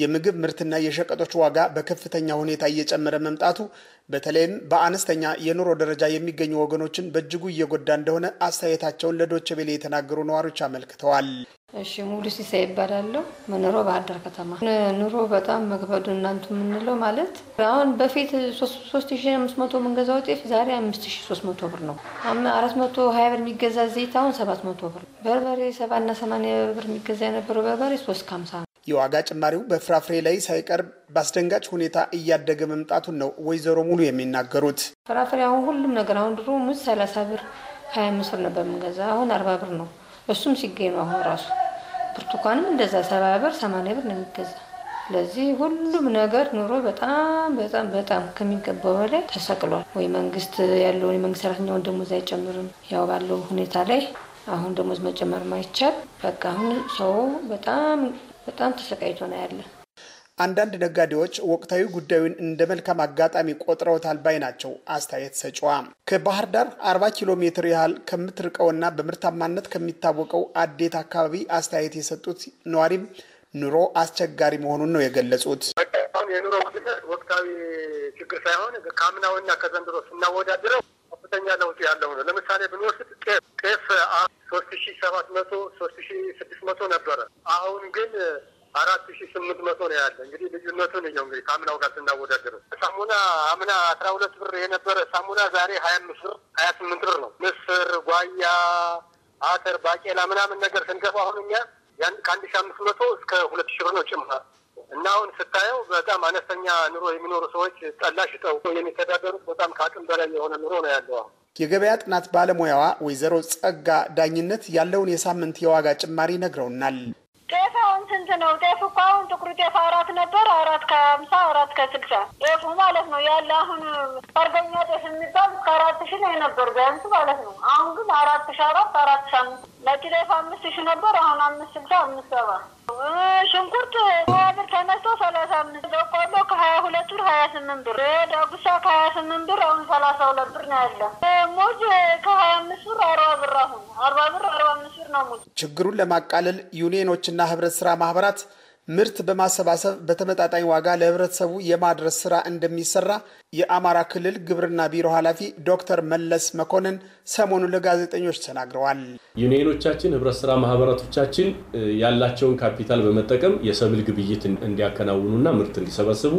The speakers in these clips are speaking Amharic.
የምግብ ምርትና የሸቀጦች ዋጋ በከፍተኛ ሁኔታ እየጨመረ መምጣቱ በተለይም በአነስተኛ የኑሮ ደረጃ የሚገኙ ወገኖችን በእጅጉ እየጎዳ እንደሆነ አስተያየታቸውን ለዶቼ ቬለ የተናገሩ ነዋሪዎች አመልክተዋል። እሺ ሙሉ ሲሳይ ይባላለሁ። መኖሮ ባህር ዳር ከተማ። ኑሮ በጣም መክበዱ እናንቱ የምንለው ማለት አሁን በፊት ሶስት ሺ አምስት መቶ የምንገዛው ጤፍ ዛሬ አምስት ሺ ሶስት መቶ ብር ነው። አራት መቶ ሀያ ብር የሚገዛ ዘይት አሁን ሰባት መቶ ብር። በርበሬ ሰባ እና ሰማንያ ብር የሚገዛ የነበረው በርበሬ ሶስት ከሀምሳ የዋጋ ጭማሪው በፍራፍሬ ላይ ሳይቀርብ በአስደንጋጭ ሁኔታ እያደገ መምጣቱን ነው ወይዘሮ ሙሉ የሚናገሩት። ፍራፍሬ አሁን ሁሉም ነገር አሁን ድሮ ሙዝ ሰላሳ ብር ሀያ አምስት ብር ነበር የምንገዛ አሁን አርባ ብር ነው። እሱም ሲገኝ ነው አሁን ራሱ ብርቱካንም እንደዛ ሰባ ብር ሰማንያ ብር ነው የሚገዛ። ስለዚህ ሁሉም ነገር ኑሮ በጣም በጣም በጣም ከሚገባው በላይ ተሰቅሏል። ወይ መንግስት ያለውን የመንግስት ሰራተኛውን ደሞዝ አይጨምርም ያው ባለው ሁኔታ ላይ አሁን ደሞዝ መጨመር ማይቻል በቃ አሁን ሰው በጣም በጣም ተሰቃይቶ ነው ያለ። አንዳንድ ነጋዴዎች ወቅታዊ ጉዳዩን እንደ መልካም አጋጣሚ ቆጥረውታል ባይ ናቸው። አስተያየት ሰጫዋ ከባህር ዳር 40 ኪሎ ሜትር ያህል ከምትርቀውና በምርታማነት ከሚታወቀው አዴት አካባቢ አስተያየት የሰጡት ነዋሪም ኑሮ አስቸጋሪ መሆኑን ነው የገለጹት። አሁን የኑሮ ውድነት ወቅታዊ ችግር ሳይሆን ከአምናውና ከዘንድሮ ስናወዳድረው ከፍተኛ ለውጥ ያለው ነው። ለምሳሌ ብንወስድ ሰባት መቶ ሶስት ሺ ስድስት መቶ ነበረ። አሁን ግን አራት ሺ ስምንት መቶ ነው ያለ። እንግዲህ ልዩነቱን እየው እንግዲህ ከአምናው ጋር ስናወዳደር ሳሙና አምና አስራ ሁለት ብር የነበረ ሳሙና ዛሬ ሀያ አምስት ብር ሀያ ስምንት ብር ነው። ምስር፣ ጓያ፣ አተር፣ ባቄላ ምናምን ነገር ስንገፋ አሁን እኛ ከአንድ ሺ አምስት መቶ እስከ ሁለት ሺ ብር ነው ጭምር እና አሁን ስታየው በጣም አነስተኛ ኑሮ የሚኖሩ ሰዎች ጠላሽ ጠው የሚተዳደሩት በጣም ከአቅም በላይ የሆነ ኑሮ ነው ያለው አሁን የገበያ ጥናት ባለሙያዋ ወይዘሮ ጸጋ ዳኝነት ያለውን የሳምንት የዋጋ ጭማሪ ነግረውናል። ጤፍ አሁን ስንት ነው? ጤፍ እኮ አሁን ጥቁር ጤፍ አራት ነበር፣ አራት ከሀምሳ አራት ከስልሳ ጤፉ ማለት ነው ያለ አሁን ፈርገኛ ጤፍ የሚባል እስከ አራት ሺ ነው የነበር ቢያንስ ማለት ነው። አሁን ግን አራት ሺ አራት አራት ሺ አምስት ነጭ ጤፍ አምስት ሺ ነበር፣ አሁን አምስት ስልሳ አምስት ሰባ ሽንኩርት ሀያ ብር ተነስቶ ሰላሳ አምስት በቆሎ ከሀያ ሁለት ብር ሀያ ስምንት ብር ዳጉሳ ከሀያ ስምንት ብር አሁን ሰላሳ ሁለት ብር ነው ያለ ደሞዝ ከሀያ አምስት ብር አርባ ብር አሁን አርባ ብር አርባ አምስት ብር ነው። ችግሩን ለማቃለል ዩኒየኖችና ህብረት ስራ ማህበራት ምርት በማሰባሰብ በተመጣጣኝ ዋጋ ለህብረተሰቡ የማድረስ ስራ እንደሚሰራ የአማራ ክልል ግብርና ቢሮ ኃላፊ ዶክተር መለስ መኮንን ሰሞኑን ለጋዜጠኞች ተናግረዋል። ዩኒየኖቻችን ህብረት ስራ ማህበራቶቻችን ያላቸውን ካፒታል በመጠቀም የሰብል ግብይት እንዲያከናውኑና ምርት እንዲሰበስቡ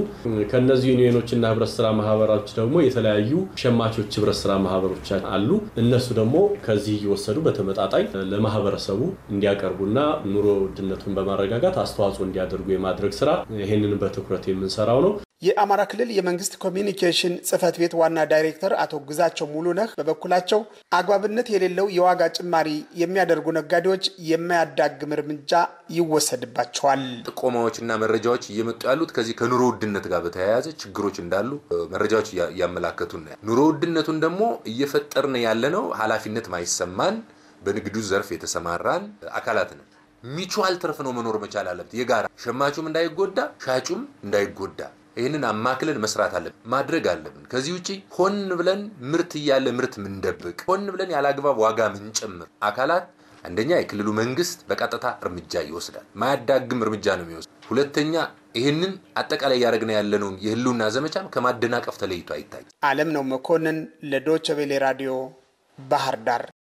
ከእነዚህ ዩኒየኖችና ህብረት ስራ ማህበራቶች ደግሞ የተለያዩ ሸማቾች ህብረት ስራ ማህበሮች አሉ። እነሱ ደግሞ ከዚህ እየወሰዱ በተመጣጣኝ ለማህበረሰቡ እንዲያቀርቡና ኑሮ ውድነቱን በማረጋጋት አስተዋጽኦ እንዲያደርጉ የማድረግ ስራ ይህንን በትኩረት የምንሰራው ነው። የአማራ ክልል የመንግስት ኮሚኒኬሽን ጽህፈት ቤት ዋና ዳይሬክተር አቶ ግዛቸው ሙሉነህ በበኩላቸው አግባብነት የሌለው የዋጋ ጭማሪ የሚያደርጉ ነጋዴዎች የማያዳግም እርምጃ ይወሰድባቸዋል። ጥቆማዎችና መረጃዎች እየመጡ ያሉት ከዚህ ከኑሮ ውድነት ጋር በተያያዘ ችግሮች እንዳሉ መረጃዎች እያመላከቱን ኑሮ ውድነቱን ደግሞ እየፈጠርን ያለነው ኃላፊነት ማይሰማን በንግዱ ዘርፍ የተሰማራን አካላት ነው። ሚቹዋል ትርፍ ነው መኖር መቻል አለበት። የጋራ ሸማቹም እንዳይጎዳ፣ ሻጩም እንዳይጎዳ ይህንን አማክለን መስራት አለብን፣ ማድረግ አለብን። ከዚህ ውጪ ሆን ብለን ምርት እያለ ምርት ምንደብቅ፣ ሆን ብለን ያለአግባብ ዋጋ ምንጨምር አካላት አንደኛ የክልሉ መንግስት በቀጥታ እርምጃ ይወስዳል። ማያዳግም እርምጃ ነው የሚወስድ። ሁለተኛ ይህንን አጠቃላይ እያደረግን ያለነውን የህልውና ዘመቻም ከማደናቀፍ ተለይቶ አይታይ። አለም ነው መኮንን ለዶቸ ራዲዮ ባህር ዳር